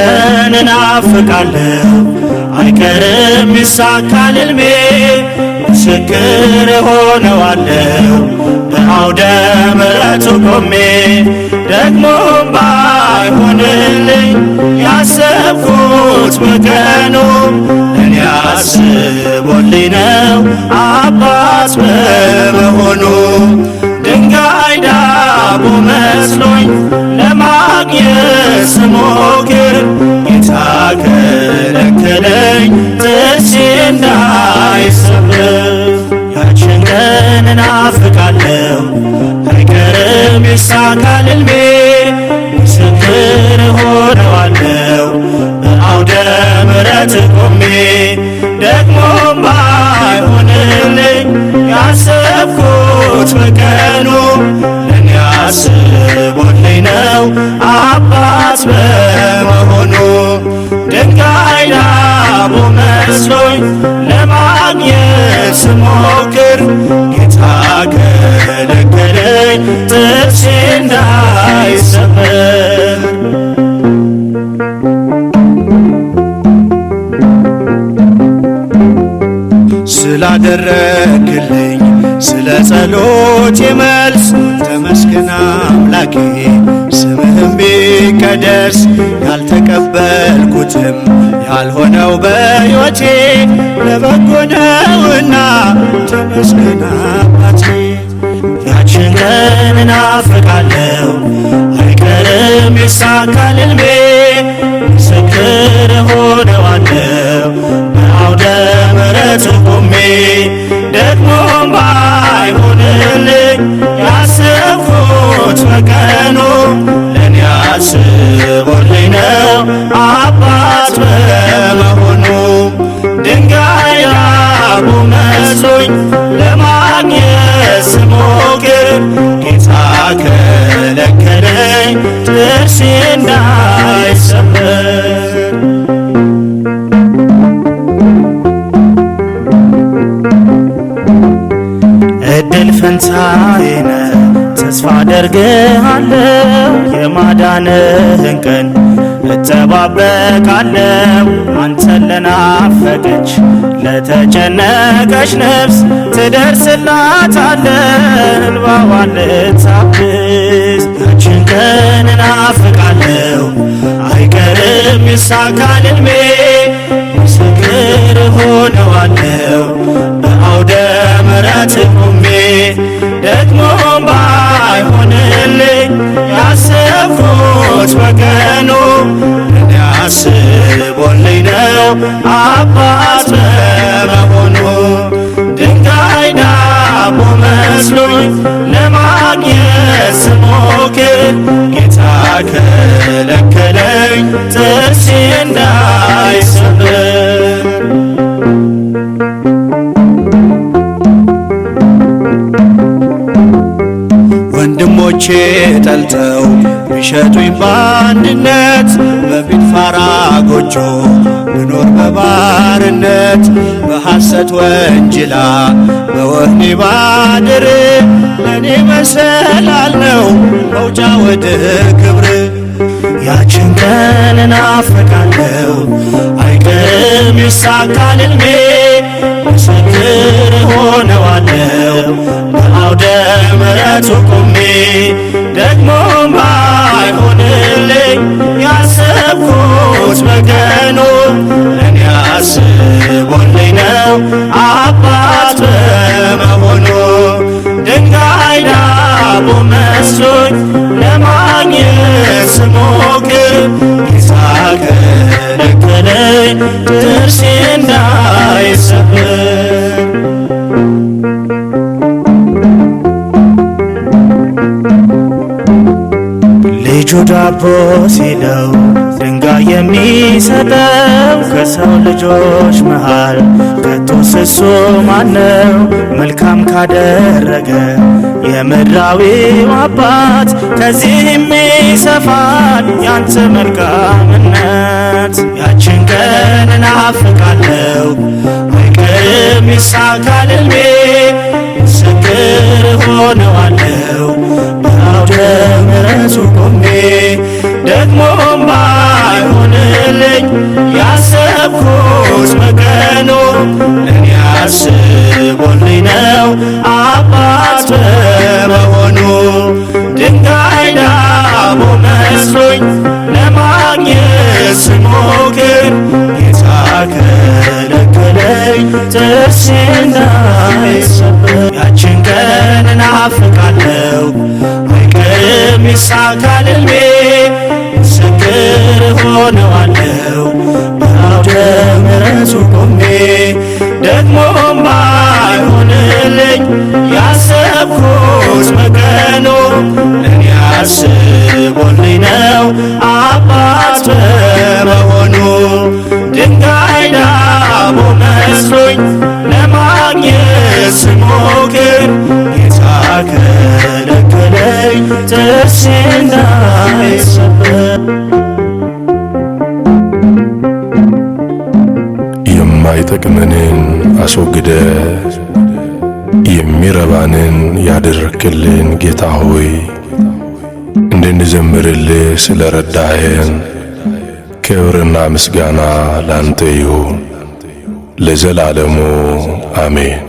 ቀን እናፍቃለሁ አይቀርም ይሳካል እልሜ ምስክር እሆነዋለሁ በአውደ ምሕረቱ ቆሜ ደግሞም ባይሆንልኝ ያሰብኩት በቀኑ እኔ አስቦልኝ ነው አባት በመሆኑ ድንጋይ ዳቦ መስሎኝ ለማግኘት ስሞጌ ከለኝ ጥርሴ እንዳይሰብር ያችን ቀን እናፍቃለሁ አይቀርም ይሳካል ሕልሜ ምስክር እሆነዋለሁ በአውደ ምሕረት ቆሜ ለማግኘት ስሞክር ጌታ ከለከለኝ ጥርሴ እንዳይሰበር ስላደረግልኝ ስለ ጸሎት የመልስ ተመስገን አምላኬ የሚቀደስ ያልተቀበልኩትም ያልሆነው በሕይወቴ ለበጎ ነውና ተመስገን አባቴ። ያችን ቀን እናፍቃለሁ አይቀርም ይሳካል ማረኝ ጥርሴ እንዳይሰበር እድል ፈንታዬ ተስፋ አደርግሃለው የማዳንህን ቀን እጠባበቃለው አንተን ለናፈቀች ለተጨነቀች ነፍስ ትደርስላታለህ እንባዋን ልታብስ ያችን ቀን እናፍቃለሁ። አይቀርም ይሳካል ሕልሜ ምስክር ሆነዋለሁ በአውደ ምሕረት ቆሜ ደግሞም ባይሆንልኝ ያሰብኩት በቀኑ ነው አባ ወንድሞቼ ጠልተው ቢሸጡኝ በአንድነት በፊት ፋራ ጎጆ ብኖር በባርነት በሐሰት ወንጅላ በወህኒ ባድር ለእኔ መሰላል ነው መውጫ ወደ ክብር ያችን ቀን እናፍቃለሁ አይቀርም ይሳካል በአውደ ምሕረቱ ቆሜ ደግሞ ባይሆንልኝ ያሰብኩት በገኑ እኔ አስቦልኝ ነው አባት በመሆኑ ድንጋይ ዳቦ መስሎኝ ለማግኘት ስሞክር ይሳቅ እጁ ዳቦ ሲለው ድንጋይ የሚሰጠው ከሰው ልጆች መሃል ከቶ እሱ ማነው? መልካም ካደረገ የምድራዊው አባት ከዚህ ይሰፋል ያንተ መልካምነት። ያችን ቀን እናፍቃለው ምስክር ሆነዋለው አባት በመሆኑ ድንጋይ ዳቦ መስሎኝ ለማግኘት ስሞክር ጌታ ከለከለኝ ጥርሴ እንዳይሰበር። ያችን ቀን እናፍቃለሁ አይቀርም ይሳካል ሕልሜ ምስክር ሆነዋለሁ በአውደ ምሕረቱ ቆሜ ደግሞ የሚጠቅመንን አስወግደ የሚረባንን ያደረክልን ጌታ ሆይ እንድንዘምርልህ ስለ ረዳህን ክብርና ምስጋና ላንተ ይሁን ለዘላለሙ አሜን።